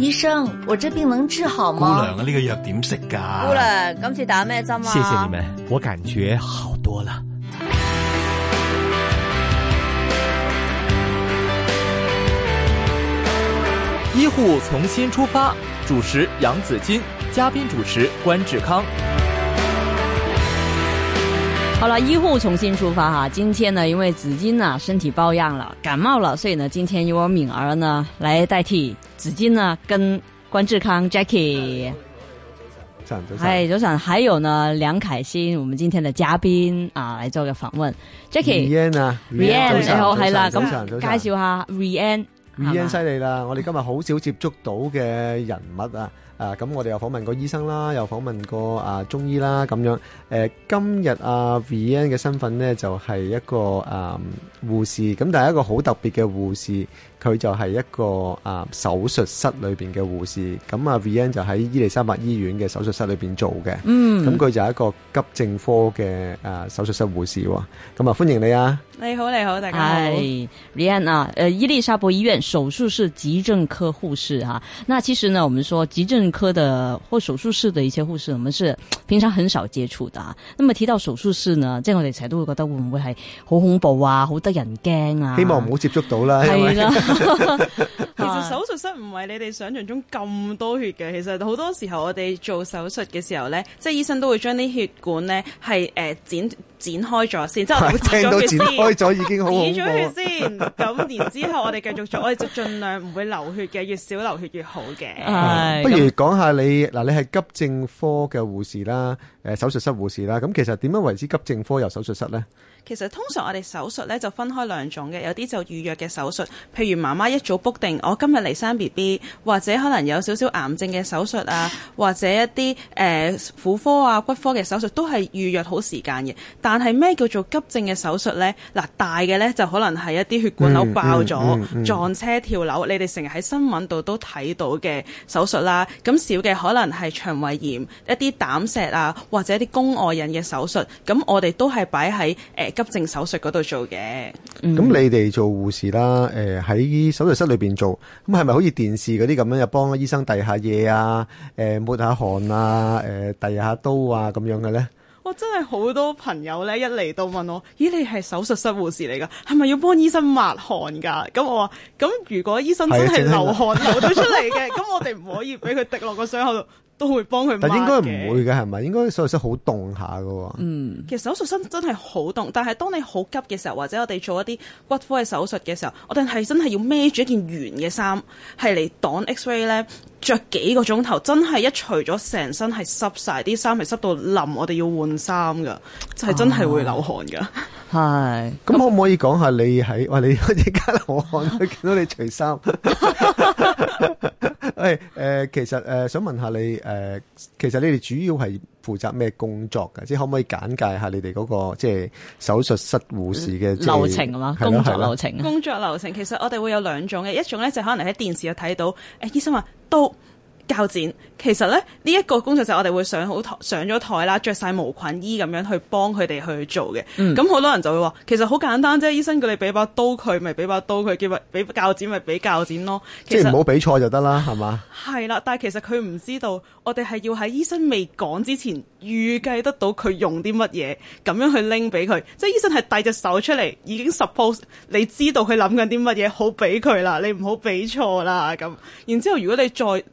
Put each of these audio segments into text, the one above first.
醫生，我這病能治好嗎？姑娘，呢、這個藥點食噶、啊？姑娘，今次打咩針啊？謝謝你們，我感覺好多了。醫護重新出發，主持楊子金，嘉賓主持關志康。好了，醫護重新出發哈，今天呢，因為子金啊身體抱恙了，感冒了，所以呢，今天由我敏兒呢來代替。子金啊，跟關智康 Jacky，早晨，早晨係早晨，還有呢梁凱殷，我們今天的嘉賓啊，嚟做嘅訪問。Jacky，Rean 啊，Rean，你好，係啦，咁介紹下 Rean，Rean 犀利啦，我哋今日好少接觸到嘅人物啊，啊，咁我哋又訪問過醫生啦，又訪問過啊中醫啦，咁樣，誒，今日啊 Rean 嘅身份呢就係一個誒護士，咁但係一個好特別嘅護士。佢就係一個啊、呃、手術室裏邊嘅護士，咁啊 Vian 就喺伊利沙伯醫院嘅手術室裏邊做嘅，咁佢就係一個急症科嘅啊、呃、手術室護士喎，咁、嗯、啊歡迎你啊，你好你好大家好，我係 Vian 啊，誒、uh, 伊利沙伯醫院手術室急症科護士啊，uh, 那其實呢，我們說急症科的或手術室的一些護士，我們是平常很少接觸的，那麼提到手術室呢，即、就、係、是、我哋成日都會覺得會唔會係好恐怖啊，好得人驚啊，希望唔好接觸到啦，係啦。 其實手術室唔係你哋想象中咁多血嘅，其實好多時候我哋做手術嘅時候呢，即係醫生都會將啲血管呢係誒剪。剪開咗先，之後剪咗佢先，剪咗佢先。咁然之後，我哋繼續做，我哋就儘量唔會流血嘅，越少流血越好嘅。不如講下你嗱，你係急症科嘅護士啦，誒手術室護士啦。咁其實點樣為之急症科又手術室呢？其實通常我哋手術呢就分開兩種嘅，有啲就預約嘅手術，譬如媽媽一早 book 定，我今日嚟生 BB，或者可能有少少癌症嘅手術啊，或者一啲誒婦科啊、骨科嘅手術都係預約好時間嘅，但但係咩叫做急症嘅手術呢？嗱，大嘅呢就可能係一啲血管瘤爆咗、嗯嗯嗯、撞車、跳樓，你哋成日喺新聞度都睇到嘅手術啦。咁小嘅可能係腸胃炎、一啲膽石啊，或者啲宮外孕嘅手術。咁我哋都係擺喺誒急症手術嗰度做嘅、嗯。咁你哋做護士啦，誒、呃、喺手術室裏邊做，咁係咪好似電視嗰啲咁樣，就幫醫生遞下嘢啊，誒抹下汗啊，誒遞下刀啊咁、啊啊、樣嘅呢？About 我真係好多朋友咧，一嚟到問我，咦，你係手術室護士嚟㗎，係咪要幫醫生抹汗㗎？咁、嗯、我話，咁、嗯、如果醫生真係流汗流到出嚟嘅，咁 我哋唔可以俾佢滴落個傷口度。都會幫佢，但係應該唔會嘅，係咪？應該手術室好凍下㗎喎。嗯，其實手術室真係好凍，但係當你好急嘅時候，或者我哋做一啲骨科嘅手術嘅時候，我哋係真係要孭住一件圓嘅衫，係嚟擋 X-ray 咧，着幾個鐘頭，真係一除咗，成身係濕晒，啲衫係濕到淋，我哋要換衫就係、是、真係會流汗嘅。係、啊。咁 可唔可以講下你喺？喂，你而家流汗，見到你除衫。 誒誒、哎呃，其實誒、呃，想問下你誒、呃，其實你哋主要係負責咩工作㗎？即係可唔可以簡介下你哋嗰、那個即係手術室護士嘅流程啊？嘛、就是，工作流程。了工作流程其實我哋會有兩種嘅，一種咧就是、可能喺電視有睇到誒、哎，醫生話、啊、都。鉸剪，其實咧呢一個工作就我哋會上好台上咗台啦，着晒無菌衣咁樣去幫佢哋去做嘅。咁好、嗯、多人就會話，其實好簡單啫，醫生叫你俾把刀佢，咪俾把刀佢；叫咪俾鉸剪咪俾鉸剪咯。即係唔好俾錯就得啦，係嘛？係啦，但係其實佢唔知道，我哋係要喺醫生未講之前，預計得到佢用啲乜嘢，咁樣去拎俾佢。即係醫生係遞隻手出嚟，已經 suppose 你知道佢諗緊啲乜嘢，好俾佢啦，你唔好俾錯啦。咁然之後，如果你再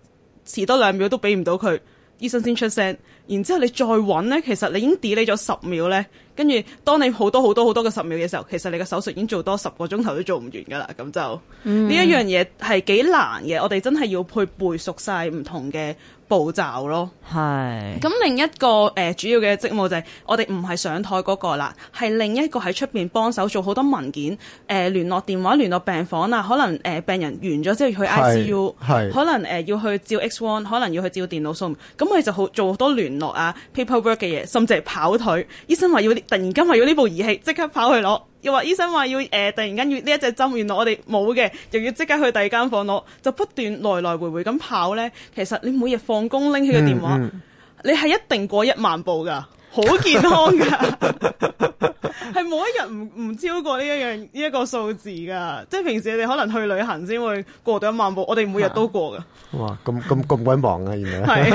遲多兩秒都俾唔到佢，醫生先出聲。然之後你再揾呢，其實你已經 delay 咗十秒呢。跟住，當你好多好多好多嘅十秒嘅時候，其實你嘅手術已經做多十個鐘頭都做唔完㗎啦。咁就呢一、嗯、樣嘢係幾難嘅。我哋真係要配背熟晒唔同嘅步驟咯，係。咁 另一個誒、呃、主要嘅職務就係我哋唔係上台嗰個啦，係另一個喺出邊幫手做好多文件，誒、呃、聯絡電話、聯絡病房啊。可能誒、呃、病人完咗之後去 ICU， 可能誒、呃、要去照 X 光，N，可能要去照電腦掃。咁我哋就好做好多聯絡啊，paperwork 嘅嘢，甚至係跑腿。醫生話要突然間話要呢部儀器，即刻跑去攞。又話醫生話要誒、呃，突然間要呢一隻針，原來我哋冇嘅，又要即刻去第二間房攞，就不斷來來回回咁跑咧。其實你每日放工拎起個電話，嗯嗯、你係一定過一萬步噶，好健康噶，係冇 一日唔唔超過呢一樣呢一個數字噶。即係平時你哋可能去旅行先會過到一萬步，我哋每日都過噶。哇、啊！咁咁咁鬼忙啊！原來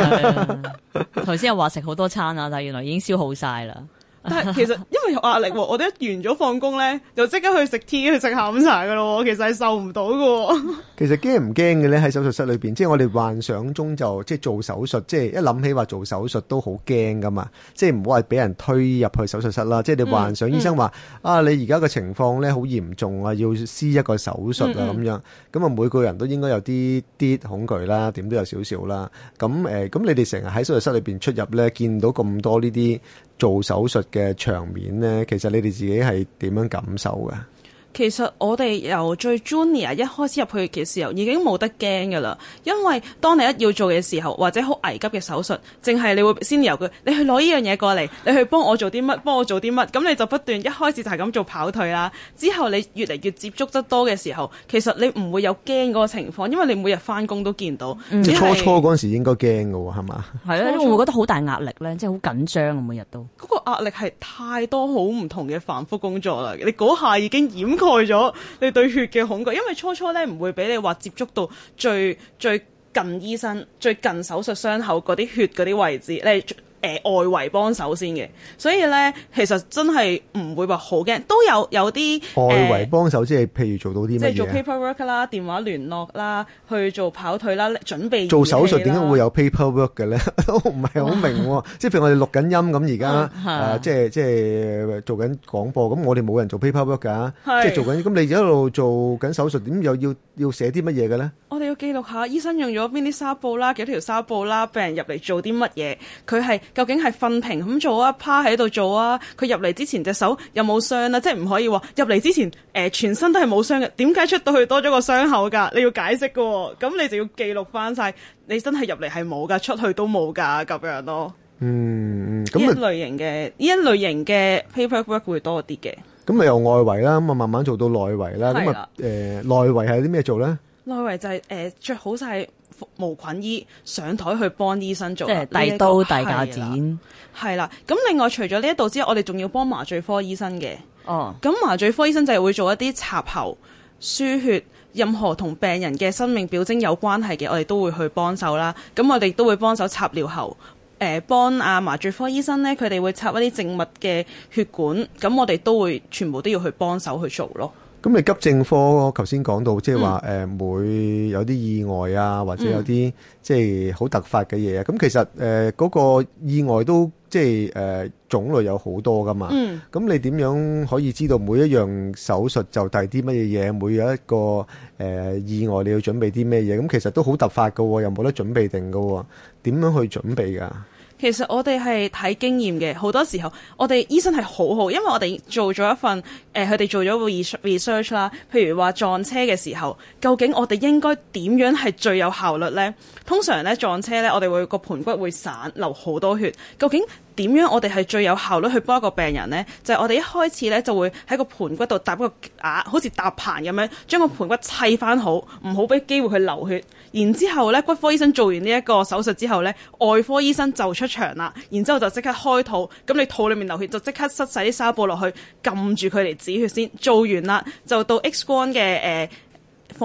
係頭先又話食好多餐啊，但係原來已經消耗晒啦。但係其實因為有壓力，我哋一完咗放工咧，就即刻去食 tea 去食下午茶噶咯。其實係受唔到噶。其實驚唔驚嘅咧，喺手術室裏邊，即係我哋幻想中就即係做手術，即係一諗起話做手術都好驚噶嘛。即係唔好話俾人推入去手術室啦。即係你幻想醫生話啊，你而家個情況咧好嚴重啊，要施一個手術啊咁樣。咁啊，每個人都應該有啲啲恐懼啦，點都有少少啦。咁誒，咁你哋成日喺手術室裏邊出入咧，見到咁多呢啲。做手術嘅場面咧，其實，你哋自己係點樣感受噶。其實我哋由最 junior 一開始入去嘅時候，已經冇得驚㗎啦。因為當你一要做嘅時候，或者好危急嘅手術，淨係你會先由佢，你去攞呢樣嘢過嚟，你去幫我做啲乜，幫我做啲乜，咁你就不斷一開始就係咁做跑腿啦。之後你越嚟越接觸得多嘅時候，其實你唔會有驚嗰個情況，因為你每日返工都見到。嗯、即是初初嗰陣時應該驚㗎喎，係嘛？係啊對，會唔會覺得好大壓力咧？即係好緊張、啊、每日都嗰個壓力係太多好唔同嘅繁複工作啦。你嗰下已經掩害咗你對血嘅恐懼，因為初初咧唔會俾你話接觸到最，最近醫生，最近手術傷口嗰啲血嗰啲位置，你。誒、呃、外圍幫手先嘅，所以咧其實真係唔會話好驚，都有有啲外圍幫手，呃、即係譬如做到啲咩嘅？即係做 paperwork 啦，電話聯絡啦，去做跑腿啦，準備做手術，點解會有 paperwork 嘅咧？呢 我唔係好明喎。即係譬如我哋錄緊音咁，而家啊即係即係做緊廣播，咁我哋冇人做 paperwork 噶，work 啊、是即係做緊。咁你一路做緊手術，咁又要要寫啲乜嘢嘅咧？我哋要記錄下醫生用咗邊啲紗布啦，幾條紗布啦，病人入嚟做啲乜嘢，佢係。究竟係瞓平咁做啊？趴喺度做啊？佢入嚟之前隻手有冇傷啊？即係唔可以話入嚟之前誒、呃、全身都係冇傷嘅，點解出到去多咗個傷口噶？你要解釋嘅喎，哦，咁你就要記錄翻晒，你真係入嚟係冇噶，出去都冇噶咁樣咯。嗯、咁、嗯、呢一類型嘅呢、嗯、一類型嘅 paperwork 會多啲嘅。咁咪由外圍啦，咁啊慢慢做到內圍啦。咁啊誒內圍係啲咩做咧？內圍內就係誒著好晒。服無菌醫上台去幫醫生做、這個，即係大刀大架剪，係啦。咁另外除咗呢一度之外，我哋仲要幫麻醉科醫生嘅。哦，咁麻醉科醫生就係會做一啲插喉輸血，任何同病人嘅生命表徵有關係嘅，我哋都會去幫手啦。咁我哋都會幫手插尿喉，誒、呃，幫阿麻醉科醫生咧，佢哋會插一啲靜脈嘅血管，咁我哋都會全部都要去幫手去做咯。咁你急症科，我頭先講到即係話，誒、嗯，會、呃、有啲意外啊，或者有啲、嗯、即係好突發嘅嘢啊。咁其實誒，嗰、呃個意外都即係誒、呃，種類有好多噶嘛。咁、嗯、你點樣可以知道每一樣手術就係啲乜嘢嘢？每有一個誒、呃、意外，你要準備啲咩嘢？咁其實都好突發噶、哦，又冇得準備定噶、哦。點樣去準備噶？其實我哋係睇經驗嘅，好多時候我哋醫生係好好，因為我哋做咗一份誒，佢哋做咗個 research 啦。譬如話撞車嘅時候，究竟我哋應該點樣係最有效率呢？通常呢，撞車呢，我哋會個盆骨會散，流好多血，究竟，點樣我哋係最有效率去幫一個病人呢？就係、是、我哋一開始咧就會喺個盆骨度搭個牙、啊，好似搭棚咁樣，將個盆骨砌翻好，唔好俾機會佢流血。然之後咧，骨科醫生做完呢一個手術之後咧，外科醫生就出場啦。然之後就即刻開肚。咁你肚裡面流血就即刻塞晒啲紗布落去，撳住佢嚟止血先。做完啦，就到 X 光嘅誒。呃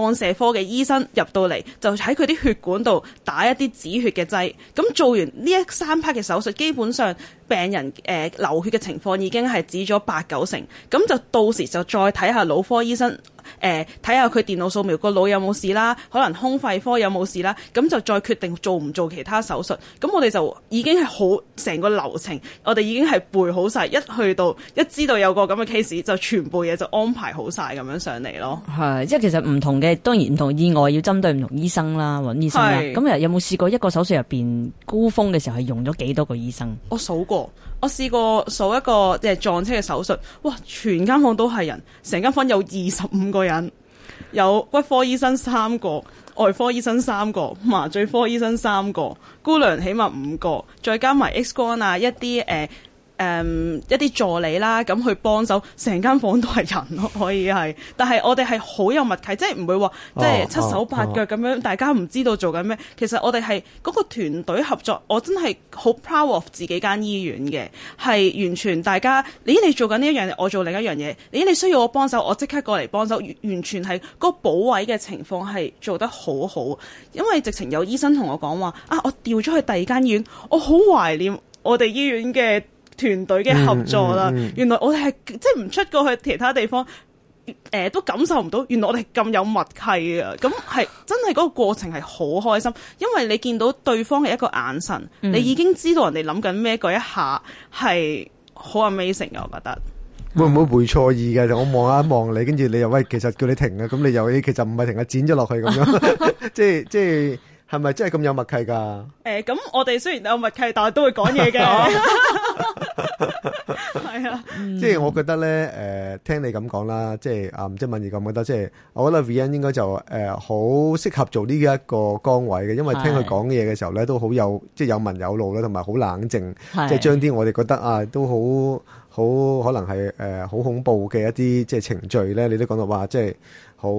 放射科嘅醫生入到嚟就喺佢啲血管度打一啲止血嘅劑，咁做完呢一三 part 嘅手術，基本上病人誒流血嘅情況已經係止咗八九成，咁就到時就再睇下腦科醫生。誒睇下佢電腦掃描個腦有冇事啦，可能胸肺科有冇事啦，咁就再決定做唔做其他手術。咁我哋就已經係好成個流程，我哋已經係背好晒。一去到一知道有個咁嘅 case，就全部嘢就安排好晒。咁樣上嚟咯。係，即係其實唔同嘅，當然唔同意外要針對唔同醫生啦，尹醫生啦。咁係有有冇試過一個手術入邊高峯嘅時候係用咗幾多個醫生？我數過，我試過數一個即係撞車嘅手術，哇！全間房都係人，成間房有二十五個。個人有骨科醫生三個，外科醫生三個，麻醉科醫生三個，姑娘起碼五個，再加埋 X 光啊，一啲誒。呃誒、um, 一啲助理啦，咁去幫手，成間房都係人咯，可以係。但係我哋係好有默契，即係唔會話、oh, 即係七手八腳咁樣，oh, oh. 大家唔知道做緊咩。其實我哋係嗰個團隊合作，我真係好 proud of 自己間醫院嘅，係完全大家，咦你，你做緊呢一樣嘢，我做另一樣嘢，咦你，你需要我幫手，我即刻過嚟幫手，完全係嗰補位嘅情況係做得好好。因為直情有醫生同我講話啊，我調咗去第二間醫院，我好懷念我哋醫院嘅。團隊嘅合作啦，嗯嗯、原來我哋係即係唔出過去其他地方，誒、呃、都感受唔到，原來我哋咁有默契啊！咁係真係嗰個過程係好開心，因為你見到對方係一個眼神，嗯、你已經知道人哋諗緊咩嗰一下係好 amazing 嘅，我覺得。會唔會會錯意㗎？我望一望你，跟住你又喂，其實叫你停啊，咁你又其實唔係停啊，剪咗落去咁樣，即係即係。係咪真係咁有默契噶？誒、欸，咁我哋雖然有默契，但係都會講嘢嘅。係 啊，嗯、即係我覺得咧，誒、呃，聽你咁講啦，即係啊，唔知文儀咁覺得，即係我覺得 Vian 應該就誒，好、呃、適合做呢一個崗位嘅，因為聽佢講嘢嘅時候咧，的都好有即係有文有路啦，同埋好冷靜，的即係將啲我哋覺得啊，都好好可能係誒好恐怖嘅一啲即係程序咧，你都講到話即係。即好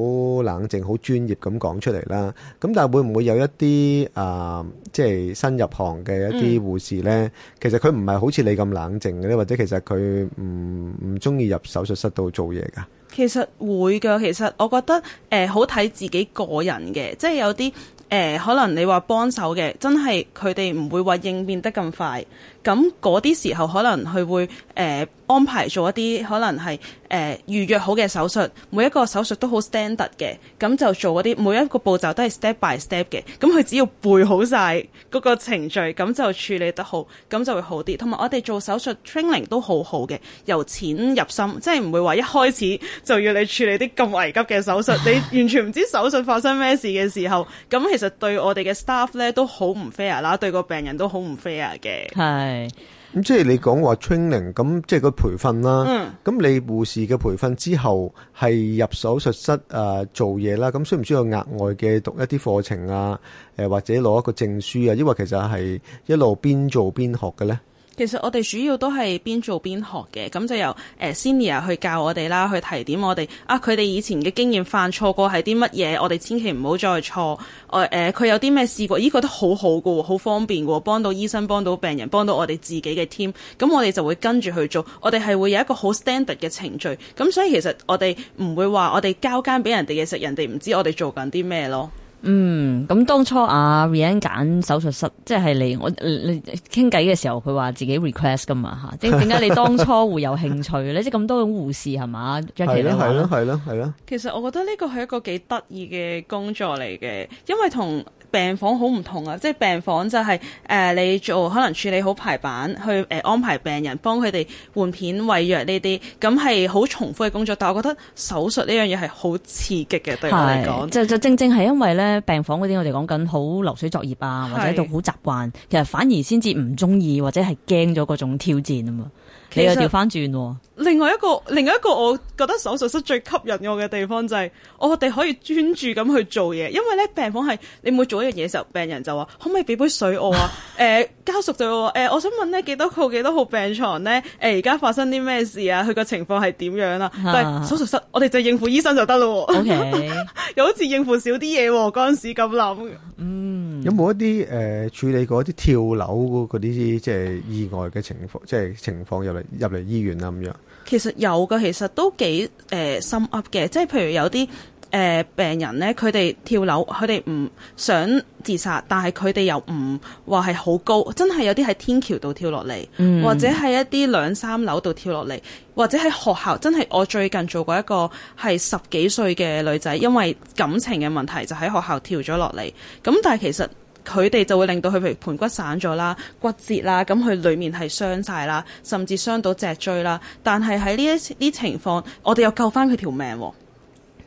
冷靜、好專業咁講出嚟啦。咁但係會唔會有一啲誒、呃，即係新入行嘅一啲護士呢？嗯、其實佢唔係好似你咁冷靜嘅呢，或者其實佢唔唔鍾意入手術室度做嘢㗎。其實會㗎，其實我覺得誒、呃，好睇自己個人嘅，即係有啲誒、呃，可能你話幫手嘅，真係佢哋唔會話應變得咁快。咁嗰啲時候，可能佢會誒。呃安排做一啲可能係誒預約好嘅手術，每一個手術都好 standard 嘅，咁就做嗰啲每一個步驟都係 step by step 嘅，咁佢只要背好晒嗰個程序，咁就處理得好，咁就，就會好啲。同埋我哋做手術 training 都好好嘅，由淺入深，即係唔會話一開始就要你處理啲咁危急嘅手術，你完全唔知手術發生咩事嘅時候，咁其實對我哋嘅 staff 咧都好唔 fair 啦，對個病人都好唔 fair 嘅。係。咁即係你講話 training，咁即係個培訓啦。咁、嗯、你護士嘅培訓之後係入手術室誒、呃、做嘢啦。咁需唔需要額外嘅讀一啲課程啊？誒、呃、或者攞一個證書啊？抑或其實係一路邊做邊學嘅咧？其實我哋主要都係邊做邊學嘅，咁就由、uh, senior 去教我哋啦，去提點我哋。啊，佢哋以前嘅經驗犯錯過係啲乜嘢，我哋千祈唔好再錯。誒、啊、誒，佢、呃、有啲咩試過，依、這個覺得好好嘅喎，好方便嘅喎，幫到醫生、幫到病人、幫到我哋自己嘅 team。咁我哋就會跟住去做，我哋係會有一個好 standard 嘅程序。咁所以其實我哋唔會話我哋交間俾人哋嘅時人哋唔知我哋做緊啲咩咯。嗯，咁當初阿、啊、Ryan 揀手術室，即係你我，我你傾偈嘅時候，佢話自己 request 噶嘛吓，即係點解你當初會有興趣咧？ 即係咁多種護士係嘛，Jackie 咧，係咯係咯係咯，其實我覺得呢個係一個幾得意嘅工作嚟嘅，因為同。病房好唔同啊，即係病房就係、是、誒、呃、你做可能處理好排版，去誒、呃、安排病人，幫佢哋換片餵藥呢啲，咁係好重複嘅工作。但係我覺得手術呢樣嘢係好刺激嘅是對我嚟講，就就正正係因為咧病房嗰啲我哋講緊好流水作業啊，或者度好習慣，是其實反而先至唔中意或者係驚咗嗰種挑戰啊嘛。其實你調翻轉另外一個另外一個我覺得手術室最吸引我嘅地方就係、是、我哋可以專注咁去做嘢，因為咧病房係你每做。嗰樣嘢時候，病人就話：可唔可以俾杯水我啊？誒、 欸，家屬就話：誒、欸，我想問咧，幾多號、幾多號病床咧？誒、欸，而家發生啲咩事啊？佢個情況係點樣啊？但係手術室，我哋就應付醫生就得咯、喔。OK， 又好似應付少啲嘢、喔。嗰陣時咁諗，嗯，有冇一啲誒處理過一啲跳樓嗰啲即係意外嘅情況？即係情況入嚟入嚟醫院啊咁樣？其實有噶，其實都幾誒心噏嘅，即係譬如有啲。誒、呃、病人咧，佢哋跳樓，佢哋唔想自殺，但係佢哋又唔話係好高，真係有啲喺天橋度跳落嚟、嗯，或者係一啲兩三樓度跳落嚟，或者喺學校，真係我最近做過一個係十幾歲嘅女仔，因為感情嘅問題就喺學校跳咗落嚟。咁但係其實佢哋就會令到佢譬如盆骨散咗啦，骨折啦，咁佢裡面係傷晒啦，甚至傷到脊椎啦。但係喺呢一啲情況，我哋又救翻佢條命、啊。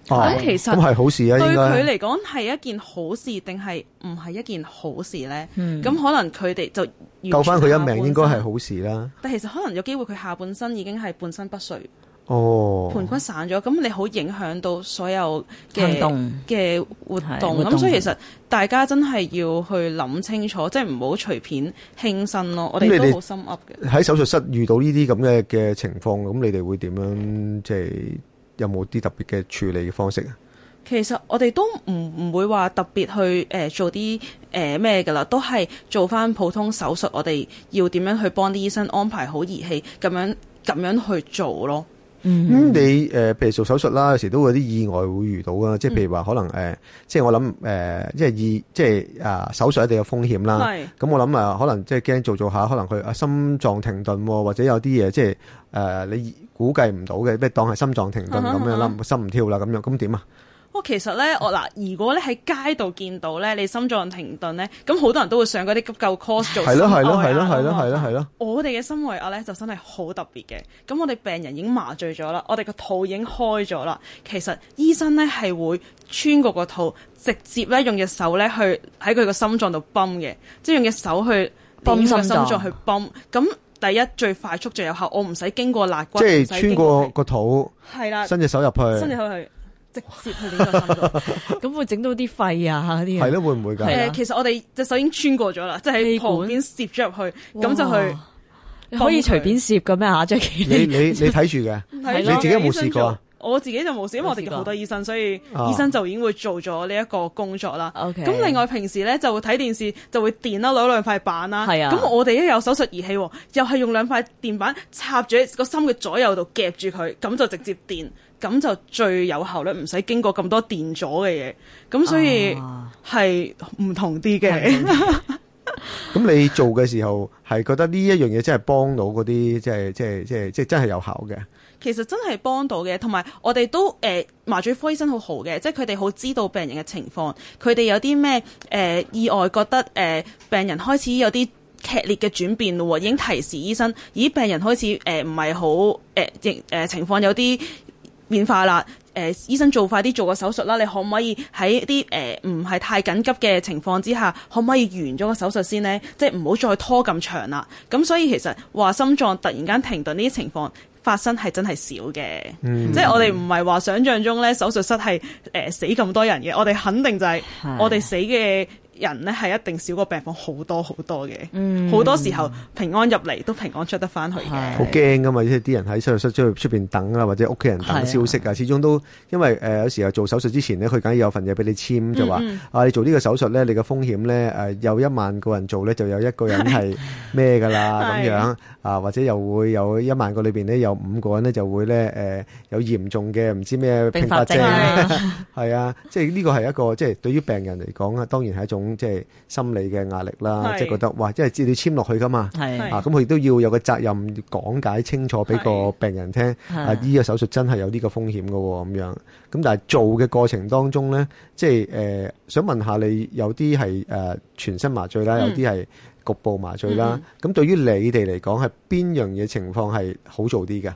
咁、嗯、其實對佢嚟講係一件好事定係唔係一件好事咧？咁、嗯、可能佢哋就救翻佢一命，應該係好事啦。但其實可能有機會佢下半身已經係半身不遂哦，盤骨散咗，咁你好影響到所有嘅行動嘅活動。咁所以其實大家真係要去諗清楚，即係唔好隨便輕生咯。我哋都好心噏嘅。喺手術室遇到呢啲咁嘅嘅情況，咁你哋會點樣即係？有冇啲特別嘅處理嘅方式啊？其實我哋都唔唔會話特別去誒、呃、做啲誒咩㗎啦，都係做翻普通手術。我哋要點樣去幫啲醫生安排好儀器，咁樣咁樣去做咯。咁、嗯、你誒，譬、呃、如做手術啦，有時都會有啲意外會遇到啊，即係譬如話可能誒，即係我諗誒、呃，即係意即係啊，手術一定有風險啦。咁是我諗啊，可能即係驚做做下，可能佢啊心臟停頓，或者有啲嘢即係誒、呃，你估計唔到嘅，咩當係心臟停頓咁、嗯、樣，心唔跳啦咁樣，咁點啊？我其實咧，我嗱，如果咧喺街度見到咧，你心臟停頓咧，咁好多人都會上嗰啲急救 course 做心外壓，係咯係咯係咯係咯係咯係咯。麼我哋嘅心外壓咧就真係好特別嘅。咁我哋病人已經麻醉咗啦，我哋個肚已經開咗啦。其實醫生咧係會穿過個肚，直接咧用隻手咧去喺佢個心臟度泵嘅，即係用隻手去泵蹦心臟去泵。咁第一最快速最有效，我唔使經過肋骨，即係是穿過個肚，係啦，伸隻手入去，了伸隻手入去。直接去呢個心度，咁會整到啲肺啊啲嘢。係咯，會唔會㗎？誒，其實我哋隻手已經穿過咗啦，即係喺旁邊攝咗入去，咁就去可以隨便攝嘅咩嚇？張傑，你你你睇住嘅，你自己冇試過？我自己就冇試，因為我哋有好多醫生，所以醫生就已經會做咗呢一個工作啦。咁另外平時咧就會睇電視就會電啦，攞兩塊板啦。係啊，咁我哋一有手術儀器，又係用兩塊電板插住喺個心嘅左右度夾住佢，咁就直接電。咁就最有效率，唔使經過咁多電阻嘅嘢。咁所以係唔同啲嘅，哦。咁 你做嘅時候係覺得呢一樣嘢真係幫到嗰啲，即係即係即係即係真係有效嘅。其實真係幫到嘅。同埋我哋都誒、呃、麻醉科醫生好好嘅，即係佢哋好知道病人嘅情況。佢哋有啲咩誒意外，覺得誒、呃、病人開始有啲劇烈嘅轉變咯，已經提示醫生，咦，病人開始誒唔係好誒，誒、呃呃、情況有啲。變化啦，誒、呃、醫生做快啲做個手術啦，你可唔可以喺啲誒唔係太緊急嘅情況之下，可唔可以完咗個手術先呢？即係唔好再拖咁長啦。咁所以其實話心臟突然間停頓呢啲情況發生係真係少嘅，嗯、即係我哋唔係話想像中呢手術室係誒、呃、死咁多人嘅，我哋肯定就係我哋死嘅。人咧係一定少過病房好多好多嘅，好、嗯、多時候平安入嚟都平安出得翻去嘅。好驚㗎嘛，即係啲人喺手術室出去出邊等啊，或者屋企人等消息啊。的始終都因為誒、呃、有時候做手術之前呢，佢梗係有份嘢俾你簽，嗯、就話啊，你做呢個手術咧，你嘅風險咧誒，有一萬個人做咧，就有一個人係咩㗎啦咁樣啊，或者又會有一萬個裏邊咧，有五個人咧就會咧誒、呃、有嚴重嘅唔知咩併發症係啊， 即係呢個係一個即係對於病人嚟講啊，當然係一種。即係心理嘅壓力啦，即係覺得哇，即係要你簽落去噶嘛，啊咁佢亦都要有個責任講解清楚俾個病人聽，啊呢個手術真係有呢個風險嘅咁樣。咁但係做嘅過程當中咧，即係誒，想問下你有啲係誒全身麻醉啦，有啲係局部麻醉啦。咁對於你哋嚟講，係邊樣嘢情況係好做啲嘅？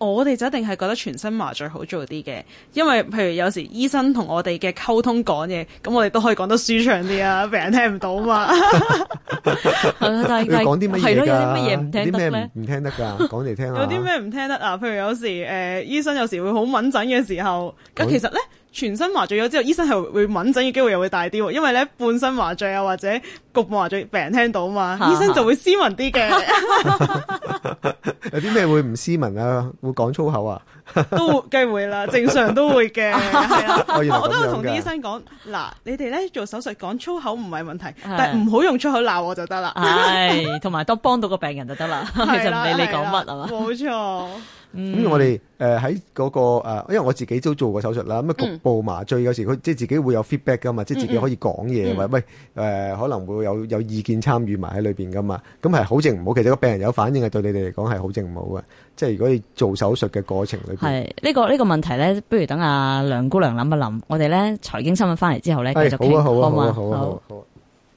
我哋就一定係覺得全身麻醉好做啲嘅，因為譬如有時醫生同我哋嘅溝通講嘢，咁我哋都可以講得舒暢啲啊，病人聽唔到嘛。係咯，但係講啲乜嘢？係咯，有啲乜嘢唔聽得咩？唔聽得㗎，講嚟聽下！有啲咩唔聽得啊？譬如有時誒、呃、醫生有時會好敏準嘅時候，咁其實咧。全身麻醉咗之後，醫生係會謹慎嘅機會又會大啲，因為咧，半身麻醉啊，或者局部麻醉，病人聽到嘛，醫生就會斯文啲嘅 有啲咩會唔斯文啊？會講粗口啊？都 會機會啦，正常都會嘅。 我都會同醫生講，嗱，你哋咧，做手術講粗口唔係問題，但唔好用粗口鬧我就得啦。係，同埋當幫到個病人就得啦。其實你你講乜啊？冇錯。 lara 咁、嗯、我哋誒喺嗰個誒，因為我自己都做過手術啦，咁啊局部麻醉有時佢、嗯、即係自己會有 feedback 噶嘛，嗯、即係自己可以講嘢，嗯、或喂誒、呃、可能會有有意見參與埋喺裏邊噶嘛，咁係好正唔好？其實個病人有反應係對你哋嚟講係好正唔好嘅，即係如果你做手術嘅過程裏邊係呢個呢、這個問題咧，不如等阿梁姑娘諗一諗，我哋咧財經新聞翻嚟之後咧繼續傾、哎，好嘛？